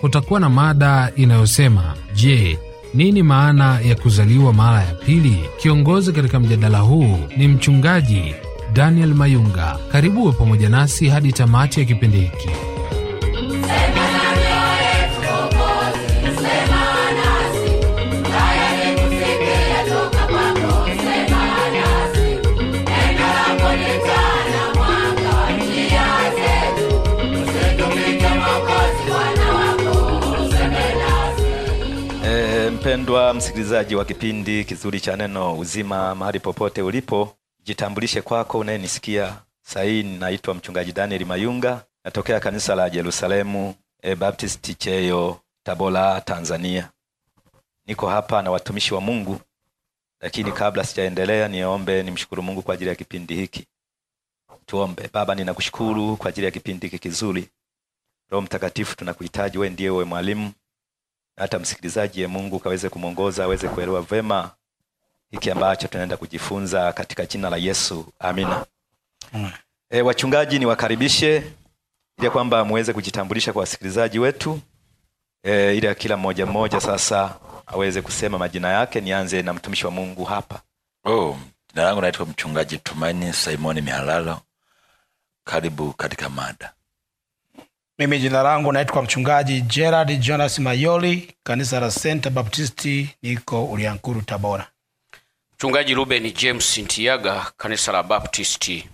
kutakuwa na mada inayosema je, nini maana ya kuzaliwa mara ya pili? Kiongozi katika mjadala huu ni mchungaji Daniel Mayunga. Karibu pamoja nasi hadi tamati ya kipindi hiki. Mpendwa msikilizaji wa kipindi kizuri cha Neno Uzima, mahali popote ulipo, jitambulishe kwako unayenisikia sahii. Ninaitwa Mchungaji Daniel Mayunga, natokea kanisa la Jerusalemu e Baptist Cheyo, Tabora, Tanzania. Niko hapa na watumishi wa Mungu, lakini kabla sijaendelea, niombe nimshukuru Mungu kwa ajili ya kipindi hiki. Tuombe. Baba, ninakushukuru kwa ajili ya kipindi hiki kizuri. Roho Mtakatifu, tunakuhitaji, we ndiye we mwalimu hata msikilizaji Mungu kaweze kumwongoza aweze kuelewa vema hiki ambacho tunaenda kujifunza katika jina la Yesu, amina. E, wachungaji niwakaribishe ili kwamba muweze kujitambulisha kwa wasikilizaji wetu e, ili kila mmoja mmoja sasa aweze kusema majina yake. Nianze na mtumishi wa Mungu hapa. Oh, jina langu naitwa mchungaji Tumaini Simoni Mihalalo. Karibu katika mada. Mimi jina langu naitwa mchungaji Gerard Jonas Mayoli, kanisa la Senta Baptisti, niko Uliankuru, Tabora. Mchungaji Ruben James Ntiaga, kanisa la Baptisti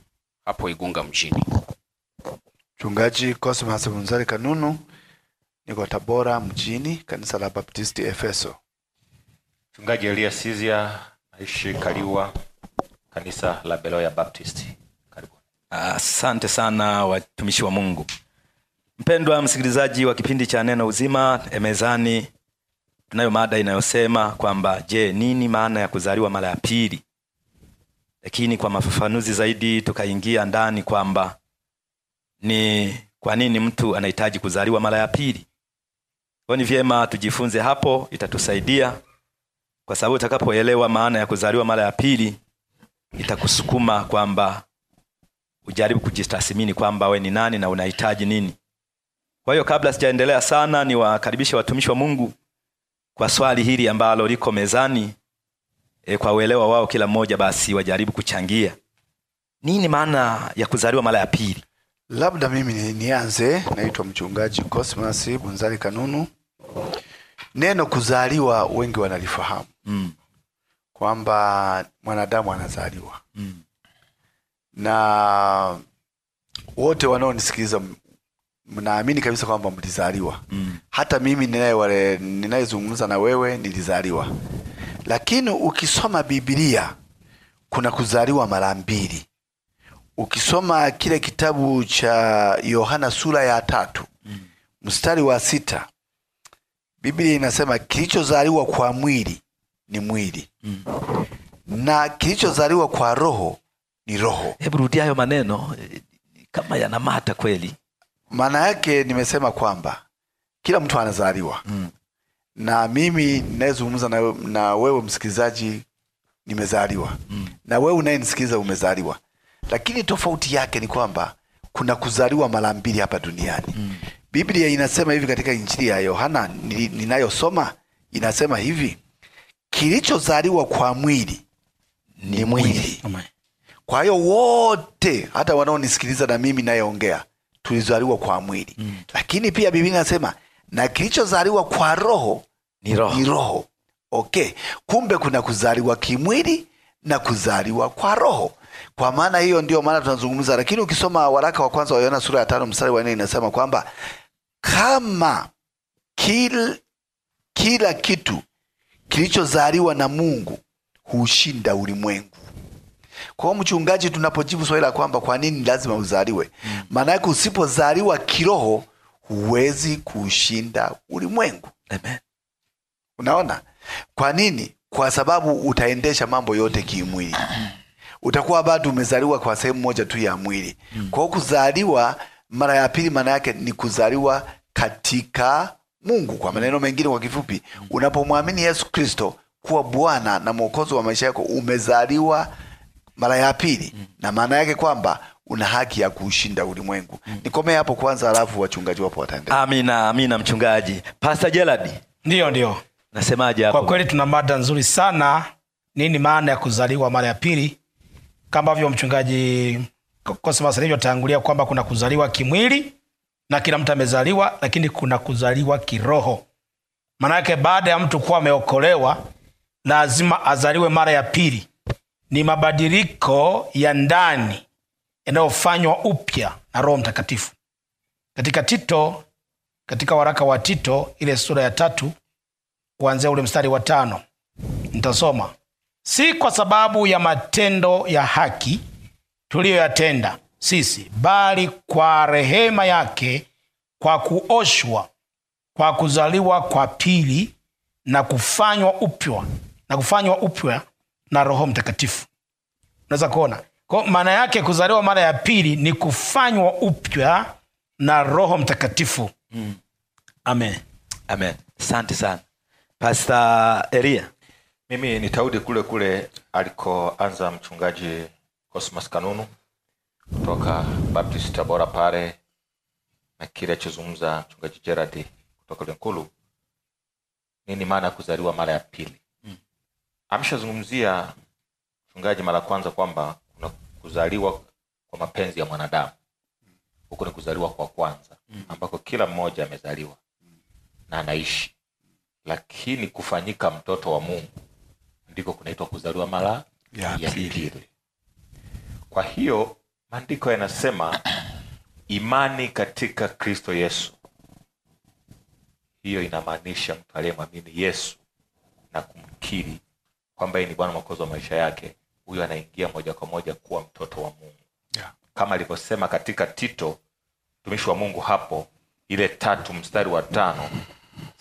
hapo Igunga mjini. Mchungaji Cosmas Munzari Kanunu, niko Tabora mjini, kanisa la Baptisti Efeso. Mchungaji Elia Sizia, naishi Kaliwa, kanisa la Beloya Baptisti. Karibuni. Asante sana watumishi wa Mungu. Mpendwa msikilizaji wa kipindi cha Neno Uzima, mezani tunayo mada inayosema kwamba je, nini maana ya kuzaliwa mara ya pili? Lakini kwa mafafanuzi zaidi tukaingia ndani kwamba ni kwa nini mtu anahitaji kuzaliwa mara ya pili. Kwa ni vyema tujifunze hapo, itatusaidia kwa sababu utakapoelewa maana ya kuzaliwa mara ya pili itakusukuma kwamba ujaribu kujitathmini kwamba we ni nani na unahitaji nini. Kwa hiyo kabla sijaendelea sana, niwakaribishe watumishi wa Mungu kwa swali hili ambalo liko mezani. E, kwa uelewa wao kila mmoja basi wajaribu kuchangia nini maana ya kuzaliwa mara ya pili. Labda mimi nianze. Naitwa mchungaji Cosmas Bunzali Kanunu. Neno kuzaliwa wengi wanalifahamu mm, kwamba mwanadamu anazaliwa mm, na wote wanaonisikiliza mnaamini kabisa kwamba mlizaliwa mm. Hata mimi ninayezungumza na wewe nilizaliwa, lakini ukisoma Biblia kuna kuzaliwa mara mbili. Ukisoma kile kitabu cha Yohana sura ya tatu mm. mstari wa sita Biblia inasema kilichozaliwa kwa mwili ni mwili mm. na kilichozaliwa kwa roho ni roho. Hebu rudia hayo maneno eh, kama yanamata kweli. Maana yake nimesema kwamba kila mtu anazaliwa mm. na mimi ninayezungumza na, na wewe msikilizaji nimezaliwa mm. na wewe unayenisikiliza umezaliwa, lakini tofauti yake ni kwamba kuna kuzaliwa mara mbili hapa duniani mm. Biblia inasema hivi katika Injili ya Yohana ninayosoma inasema hivi, kilichozaliwa kwa mwili ni mwili. Kwa hiyo wote hata wanaonisikiliza na mimi nayeongea tulizaliwa kwa mwili mm. Lakini pia Biblia inasema na kilichozaliwa kwa roho ni roho, ni roho. Okay, kumbe kuna kuzaliwa kimwili na kuzaliwa kwa roho. Kwa maana hiyo ndiyo maana tunazungumza, lakini ukisoma waraka wa kwanza wa Yohana sura ya tano mstari wa nne inasema kwamba kama kil, kila kitu kilichozaliwa na Mungu huushinda ulimwengu. Kwa mchungaji, tunapojibu swali la kwamba kwa nini lazima uzaliwe, maana yake usipozaliwa kiroho huwezi kushinda ulimwengu. Amen. Unaona kwa nini? Kwa sababu utaendesha mambo yote kimwili, utakuwa bado umezaliwa kwa sehemu moja tu ya mwili. Mm. Kwa hiyo kuzaliwa mara ya pili maana yake ni kuzaliwa katika Mungu. Kwa maneno mengine, kwa kifupi, mm. unapomwamini Yesu Kristo kuwa Bwana na Mwokozi wa maisha yako, umezaliwa mara ya pili mm. na maana yake kwamba una haki ya kuushinda ulimwengu mm. Nikomee hapo kwanza, alafu wachungaji wapo wataendelea. Amina, amina. Mchungaji Pastor Gerald, ndio ndio nasemaje hapo? Kwa kweli tuna mada nzuri sana. Nini maana ya kuzaliwa mara ya pili? Kama ambavyo mchungaji Cosmas atangulia kwamba kuna kuzaliwa kimwili na kila mtu amezaliwa, lakini kuna kuzaliwa kiroho. Maanake baada ya mtu kuwa ameokolewa lazima azaliwe mara ya pili ni mabadiliko ya ndani yanayofanywa upya na Roho Mtakatifu. Katika Tito, katika waraka wa Tito ile sura ya tatu kuanzia ule mstari wa tano nitasoma: si kwa sababu ya matendo ya haki tuliyoyatenda sisi, bali kwa rehema yake, kwa kuoshwa kwa kuzaliwa kwa pili na kufanywa upya na kufanywa upya na roho mtakatifu unaweza kuona kwa maana yake kuzaliwa mara ya pili ni kufanywa upya na roho mtakatifu mm. amen amen asante sana pasta elia mimi nitarudi kule kule alikoanza mchungaji cosmas kanunu kutoka baptist tabora pale na kile alichozungumza mchungaji gerard kutoka lenkulu nini maana ya kuzaliwa mara ya pili ameshazungumzia mchungaji mara kwanza kwamba kuna kuzaliwa kwa mapenzi ya mwanadamu huku ni kuzaliwa kwa kwanza mm. ambako kila mmoja amezaliwa na anaishi, lakini kufanyika mtoto wa Mungu ndiko kunaitwa kuzaliwa mara ya pili. Kwa hiyo maandiko yanasema imani katika Kristo Yesu, hiyo inamaanisha mtu aliyemwamini Yesu na kumkiri kwamba yeye ni Bwana Mwokozi wa maisha yake, huyu anaingia moja kwa moja kuwa mtoto wa Mungu yeah. Kama alivyosema katika Tito mtumishi wa Mungu hapo ile tatu mstari wa tano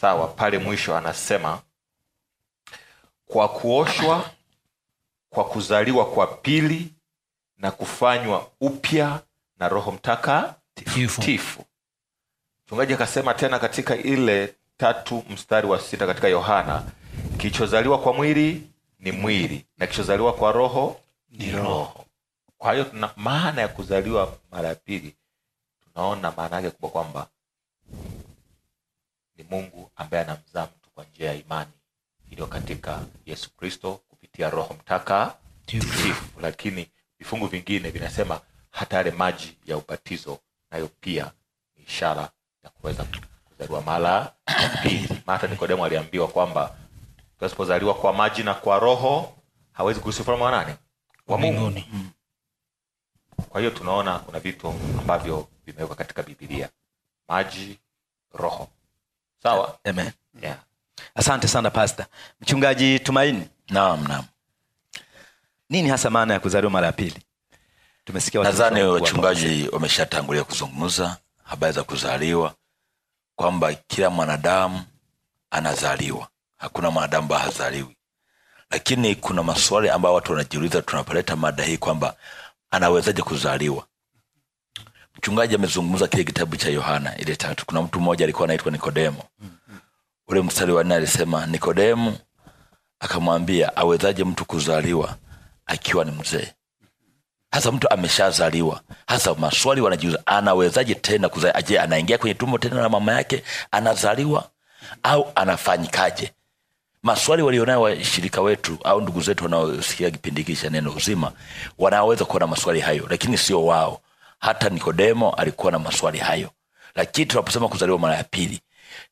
sawa, pale mwisho anasema kwa kuoshwa kwa kuzaliwa kwa pili na kufanywa upya na Roho Mtakatifu. Mchungaji akasema tena katika ile tatu mstari wa sita katika Yohana, kilichozaliwa kwa mwili ni mwili na kilichozaliwa kwa roho ni roho. Kwa hiyo tuna maana ya kuzaliwa mara ya pili, tunaona maana yake kubwa kwamba ni Mungu ambaye anamzaa mtu kwa njia ya imani iliyo katika Yesu Kristo kupitia Roho Mtakatifu. Lakini vifungu vingine vinasema hata yale maji ya ubatizo nayo pia ni ishara ya kuweza kuzaliwa mara ya pili. Hata Nikodemo aliambiwa kwamba Kasipozaliwa kwa maji na kwa Roho hawezi kuishi ufalme wa nani? Wa Mungu. Mm. Kwa hiyo tunaona kuna vitu ambavyo vimewekwa katika Biblia, maji, Roho. Sawa, amen. Yeah. Asante sana Pasta Mchungaji Tumaini. Naam, naam. Nini hasa maana ya kuzaliwa mara ya pili? Tumesikia nadhani wachungaji wameshatangulia kuzungumza habari za kuzaliwa, kwamba kila mwanadamu anazaliwa hakuna mwanadamu ambaye hazaliwi lakini kuna maswali ambayo watu wanajiuliza tunapoleta mada hii kwamba anawezaje kuzaliwa mchungaji amezungumza kile kitabu cha yohana ile tatu kuna mtu mmoja alikuwa anaitwa nikodemo ule mstari wa nne alisema nikodemo akamwambia awezaje mtu kuzaliwa akiwa ni mzee hasa mtu ameshazaliwa hasa maswali wanajiuza anawezaje tena kuzaliwa je anaingia kwenye tumbo tena na mama yake anazaliwa au anafanyikaje maswali walionayo washirika wetu au ndugu zetu wanaosikia kipindi hiki cha neno uzima wanaweza kuwa na maswali hayo, lakini sio wao. Hata Nikodemo alikuwa na maswali hayo, lakini tunaposema kuzaliwa mara ya pili,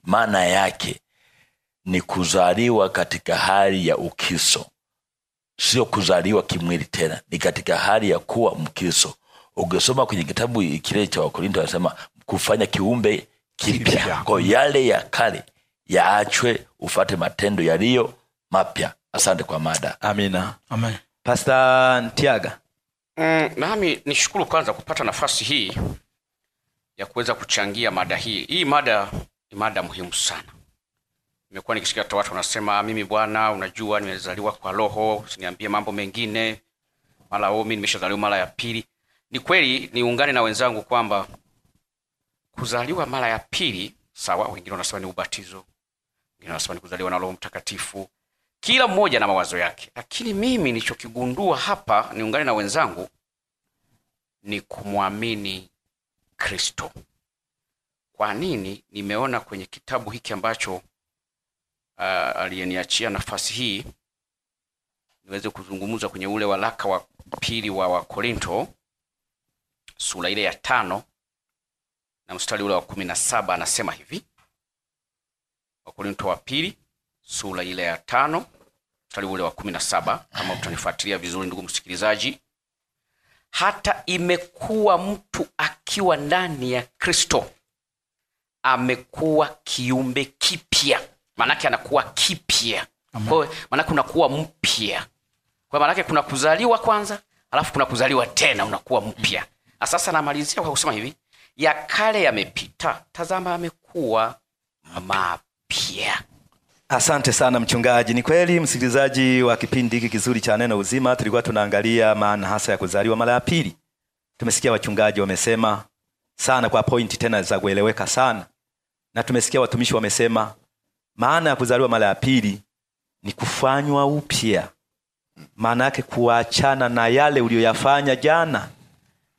maana yake ni kuzaliwa katika hali ya ukiso, sio kuzaliwa kimwili tena, ni katika hali ya kuwa mkiso. Ukisoma kwenye kitabu kile cha Wakorinto anasema kufanya kiumbe kipya, kwao yale ya kale yaachwe ufate matendo yaliyo mapya. Asante kwa mada. Amina. Amen. Pasta Ntiaga. Mm, nami nishukuru kwanza kupata nafasi hii ya kuweza kuchangia mada hii. Hii mada ni mada muhimu sana. Nimekuwa nikisikia hata watu wanasema, mimi bwana, unajua nimezaliwa kwa Roho, usiniambie mambo mengine, mara omi oh, nimeshazaliwa mara ya pili. Ni kweli, niungane na wenzangu kwamba kuzaliwa mara ya pili, sawa, wengine wanasema ni ubatizo, wengine ni kuzaliwa na Roho Mtakatifu, kila mmoja na mawazo yake. Lakini mimi nilichokigundua hapa, niungane na wenzangu, ni kumwamini Kristo. Kwa nini? Nimeona kwenye kitabu hiki ambacho uh, aliyeniachia nafasi hii niweze kuzungumza kwenye ule waraka wa pili wa Wakorinto sura ile ya tano na mstari ule wa kumi na saba anasema hivi Wakorinto wa pili sura ile ya tano mstari ule wa kumi na saba kama utanifuatilia vizuri, ndugu msikilizaji. Hata imekuwa mtu akiwa ndani ya Kristo amekuwa kiumbe kipya, maanake anakuwa kipya, maanake unakuwa mpya kwa maanake kuna kuzaliwa kwanza, alafu kuna kuzaliwa tena, unakuwa mpya. Na sasa namalizia kwa kusema hivi, ya kale yamepita, tazama amekuwa mapya. Asante sana mchungaji. Ni kweli, msikilizaji wa kipindi hiki kizuri cha Neno Uzima, tulikuwa tunaangalia maana hasa ya kuzaliwa mara ya pili. Tumesikia wachungaji wamesema sana kwa pointi tena za kueleweka sana, na tumesikia watumishi wamesema maana ya kuzaliwa mara ya pili ni kufanywa upya, maana yake kuachana na yale uliyoyafanya jana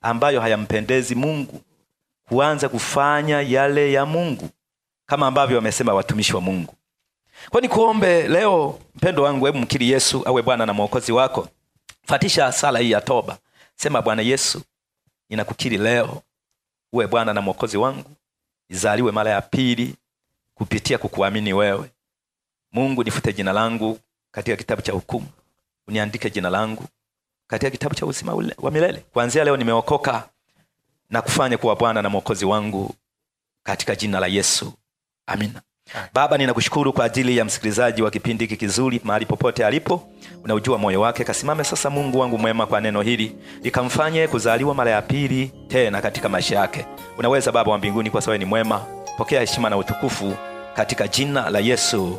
ambayo hayampendezi Mungu, kuanza kufanya yale ya Mungu kama ambavyo wamesema watumishi wa Mungu. Kwa ni kuombe leo mpendo wangu, hebu mkiri Yesu awe Bwana na Mwokozi wako. Fatisha sala hii ya toba, sema: Bwana Yesu, ninakukiri leo uwe Bwana na Mwokozi wangu, izaliwe mara ya pili kupitia kukuamini wewe. Mungu, nifute jina langu katika kitabu cha hukumu, uniandike jina langu katika kitabu cha uzima wa milele. Kuanzia leo nimeokoka na kufanya kuwa Bwana na Mwokozi wangu katika jina la Yesu amina. Baba, ninakushukuru kwa ajili ya msikilizaji wa kipindi hiki kizuri, mahali popote alipo, unaujua moyo wake. Kasimame sasa, Mungu wangu mwema, kwa neno hili likamfanye kuzaliwa mara ya pili tena katika maisha yake. Unaweza Baba wa mbinguni, kwa sababu ni mwema. Pokea heshima na utukufu katika jina la Yesu.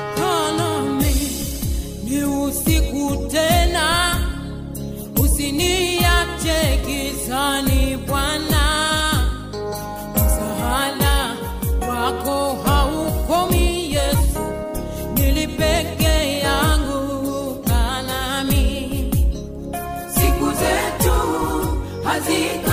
Azita.